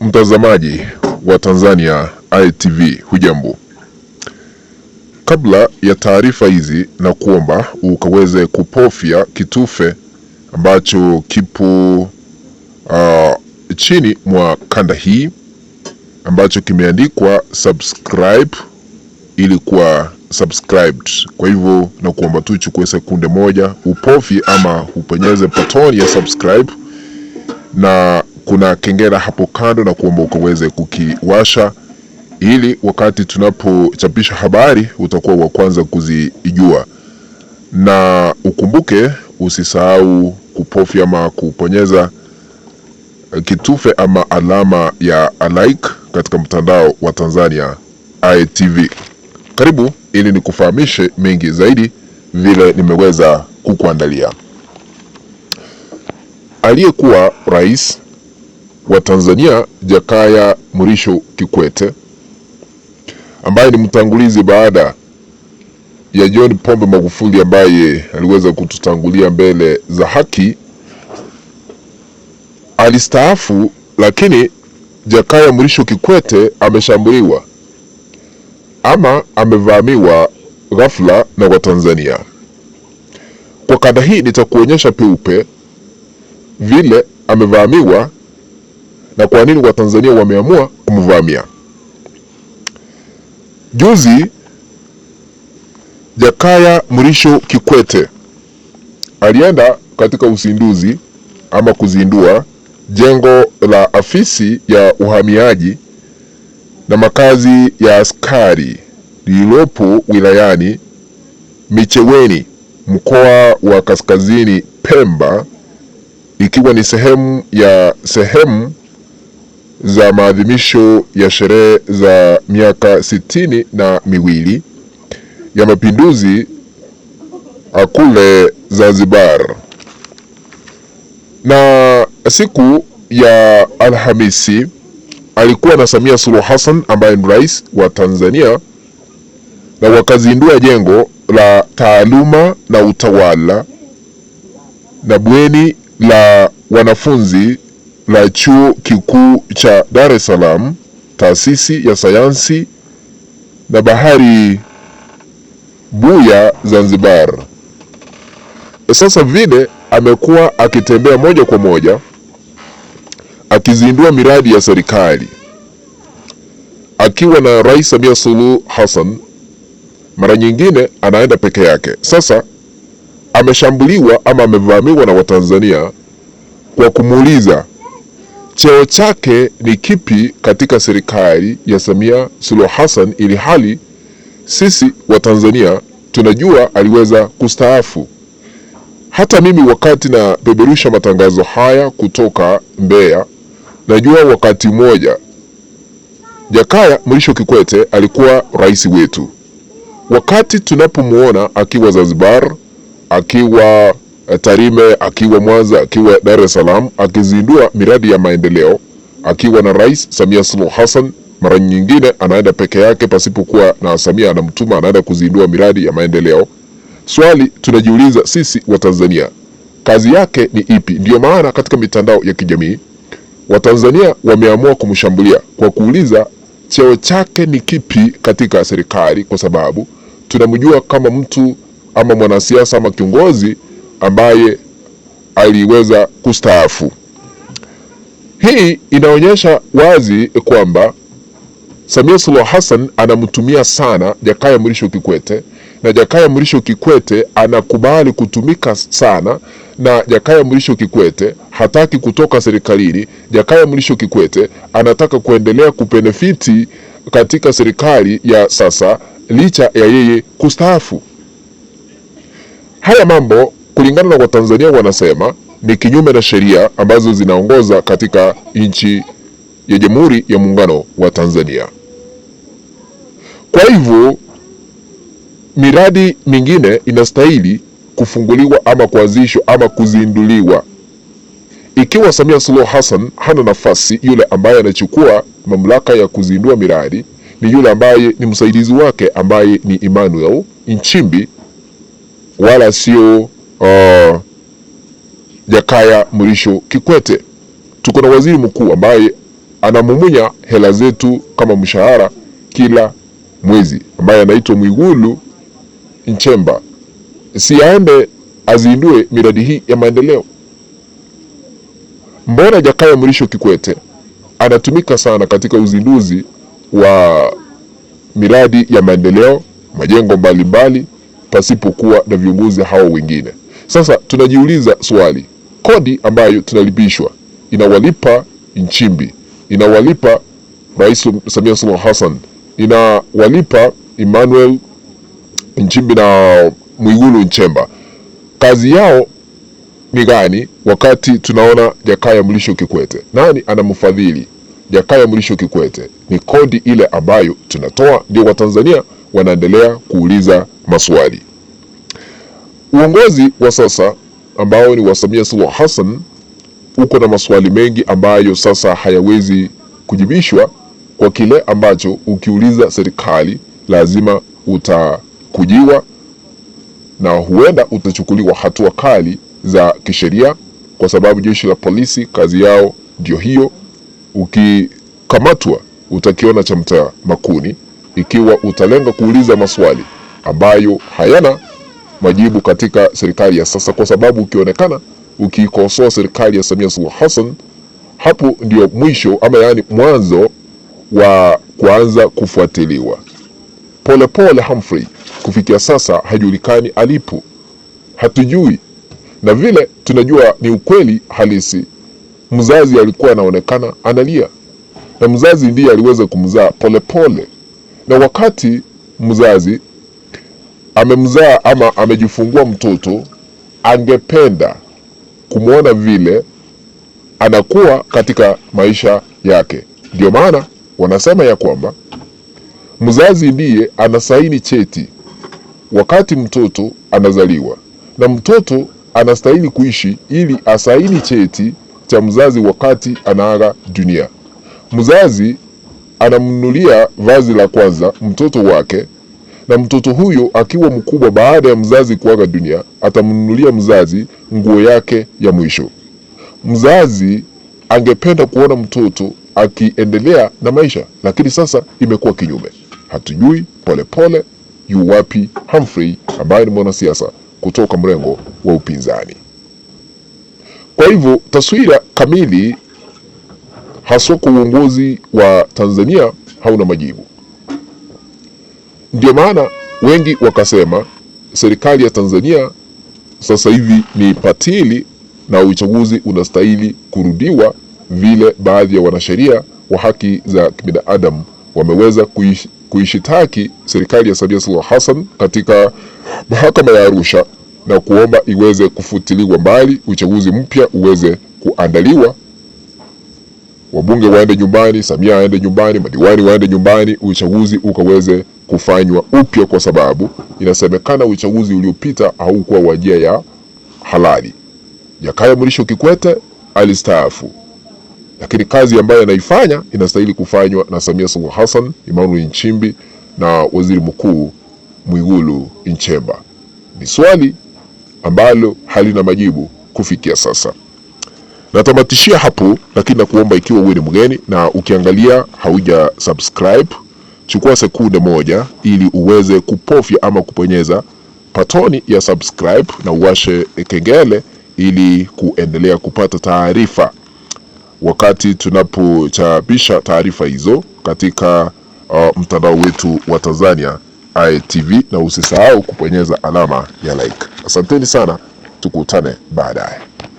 Mtazamaji wa Tanzania ITV hujambo. Kabla ya taarifa hizi, na kuomba ukaweze kupofya kitufe ambacho kipo uh, chini mwa kanda hii ambacho kimeandikwa subscribe ili kuwa subscribed. Kwa hivyo na kuomba tu chukue sekunde moja upofi ama upenyeze patoni ya subscribe na kuna kengele hapo kando na kuomba ukaweze kukiwasha ili wakati tunapochapisha habari utakuwa wa kwanza kuzijua, na ukumbuke, usisahau kupofya ama kuponyeza kitufe ama alama ya like katika mtandao wa Tanzania ITV. Karibu ili nikufahamishe mengi zaidi vile nimeweza kukuandalia. Aliyekuwa rais wa Tanzania Jakaya Mrisho Kikwete ambaye ni mtangulizi baada ya John Pombe Magufuli ambaye aliweza kututangulia mbele za haki, alistaafu, lakini Jakaya Mrisho Kikwete ameshambuliwa ama amevamiwa ghafla na Watanzania. Kwa kanda hii nitakuonyesha peupe vile amevamiwa na kwa nini Watanzania wameamua kumvamia. Juzi Jakaya Mrisho Kikwete alienda katika uzinduzi ama kuzindua jengo la afisi ya uhamiaji na makazi ya askari lililopo wilayani Micheweni mkoa wa Kaskazini Pemba ikiwa ni sehemu ya sehemu za maadhimisho ya sherehe za miaka sitini na miwili ya mapinduzi akule Zanzibar na siku ya Alhamisi alikuwa na Samia Suluhu Hassan ambaye ni rais wa Tanzania, na wakazindua jengo la taaluma na utawala na bweni la wanafunzi la Chuo Kikuu cha Dar es Salaam, Taasisi ya Sayansi na Bahari Buya Zanzibar. Sasa vile amekuwa akitembea moja kwa moja akizindua miradi ya serikali akiwa na Rais Samia Suluhu Hassan. Mara nyingine anaenda peke yake. Sasa ameshambuliwa ama amevamiwa na Watanzania kwa kumuuliza cheo chake ni kipi katika serikali ya Samia Suluhu Hassan, ili hali sisi Watanzania tunajua aliweza kustaafu. Hata mimi wakati na peperusha matangazo haya kutoka Mbeya, najua wakati mmoja Jakaya Mrisho Kikwete alikuwa rais wetu, wakati tunapomwona akiwa Zanzibar, akiwa Eh, Tarime akiwa Mwanza, akiwa Dar es Salaam, akizindua miradi ya maendeleo akiwa na Rais Samia Suluhu Hassan. Mara nyingine anaenda peke yake pasipokuwa na Samia anamtuma, anaenda kuzindua miradi ya maendeleo. Swali tunajiuliza sisi Watanzania, kazi yake ni ipi? ndio maana katika mitandao ya kijamii Watanzania wameamua kumshambulia kwa kuuliza cheo chake ni kipi katika serikali, kwa sababu tunamjua kama mtu ama mwanasiasa ama kiongozi ambaye aliweza kustaafu. Hii inaonyesha wazi kwamba Samia Suluhu Hassan anamtumia sana Jakaya Mrisho Kikwete na Jakaya Mrisho Kikwete anakubali kutumika sana na Jakaya Mrisho Kikwete hataki kutoka serikalini. Jakaya Mrisho Kikwete anataka kuendelea kubenefiti katika serikali ya sasa licha ya yeye kustaafu. Haya mambo kulingana na Watanzania wanasema ni kinyume na sheria ambazo zinaongoza katika nchi ya Jamhuri ya Muungano wa Tanzania. Kwa hivyo miradi mingine inastahili kufunguliwa ama kuanzishwa ama kuzinduliwa. Ikiwa Samia Suluhu Hassan hana nafasi, yule ambaye anachukua mamlaka ya kuzindua miradi ni yule ambaye ni msaidizi wake ambaye ni Emmanuel Nchimbi, wala sio uh, Jakaya Mrisho Kikwete. Tuko na waziri mkuu ambaye anamumunya hela zetu kama mshahara kila mwezi, ambaye anaitwa Mwigulu Nchemba. Si aende azindue miradi hii ya maendeleo? Mbona Jakaya Mrisho Kikwete anatumika sana katika uzinduzi wa miradi ya maendeleo, majengo mbalimbali, pasipokuwa na viongozi hao wengine? Sasa tunajiuliza swali, kodi ambayo tunalipishwa inawalipa Nchimbi, inawalipa Rais Samia Suluhu Hassan, inawalipa Emmanuel Nchimbi na Mwigulu Nchemba, kazi yao ni gani? Wakati tunaona Jakaya Mlisho Kikwete, nani anamfadhili Jakaya Mlisho Kikwete? Ni kodi ile ambayo tunatoa, ndio Watanzania wanaendelea kuuliza maswali. Uongozi wa sasa ambao ni wa Samia Suluhu Hassan uko na maswali mengi ambayo sasa hayawezi kujibishwa kwa kile ambacho ukiuliza serikali lazima utakujiwa na huenda utachukuliwa hatua kali za kisheria, kwa sababu jeshi la polisi kazi yao ndio hiyo. Ukikamatwa utakiona cha makuni ikiwa utalenga kuuliza maswali ambayo hayana majibu katika serikali ya sasa, kwa sababu ukionekana ukiikosoa serikali ya Samia Suluhu Hassan, hapo ndio mwisho ama yaani mwanzo wa kuanza kufuatiliwa. Polepole Humphrey kufikia sasa hajulikani alipo, hatujui na vile tunajua ni ukweli halisi. Mzazi alikuwa anaonekana analia na mzazi ndiye aliweza kumzaa Polepole, na wakati mzazi amemzaa ama amejifungua mtoto, angependa kumwona vile anakuwa katika maisha yake. Ndio maana wanasema ya kwamba mzazi ndiye anasaini cheti wakati mtoto anazaliwa, na mtoto anastahili kuishi ili asaini cheti cha mzazi wakati anaaga dunia. Mzazi anamnunulia vazi la kwanza mtoto wake na mtoto huyo akiwa mkubwa baada ya mzazi kuaga dunia atamnunulia mzazi nguo yake ya mwisho. Mzazi angependa kuona mtoto akiendelea na maisha, lakini sasa imekuwa kinyume. Hatujui polepole yu wapi Humphrey ambaye ni mwanasiasa kutoka mrengo wa upinzani. Kwa hivyo taswira kamili haswa kwa uongozi wa Tanzania hauna majibu. Ndio maana wengi wakasema serikali ya Tanzania sasa hivi ni patili na uchaguzi unastahili kurudiwa, vile baadhi ya wanasheria wa haki za kibinadamu wameweza kuish, kuishitaki serikali ya Samia Suluhu Hassan katika mahakama ya Arusha na kuomba iweze kufutiliwa mbali, uchaguzi mpya uweze kuandaliwa wabunge waende nyumbani, Samia aende nyumbani, madiwani waende nyumbani, uchaguzi ukaweze kufanywa upya, kwa sababu inasemekana uchaguzi uliopita haukuwa wa njia ya halali. Jakaya Mrisho Kikwete alistaafu, lakini kazi ambayo anaifanya inastahili kufanywa na Samia Suluhu Hassan, Emmanuel Nchimbi na waziri mkuu Mwigulu Nchemba. Ni swali ambalo halina majibu kufikia sasa. Natamatishia hapo, lakini nakuomba ikiwa uwe ni mgeni na ukiangalia hauja subscribe, chukua sekunde moja ili uweze kupofya ama kuponyeza patoni ya subscribe na uwashe kengele ili kuendelea kupata taarifa wakati tunapochapisha taarifa hizo katika uh, mtandao wetu wa Tanzania ITV, na usisahau kuponyeza alama ya like. Asanteni sana, tukutane baadaye.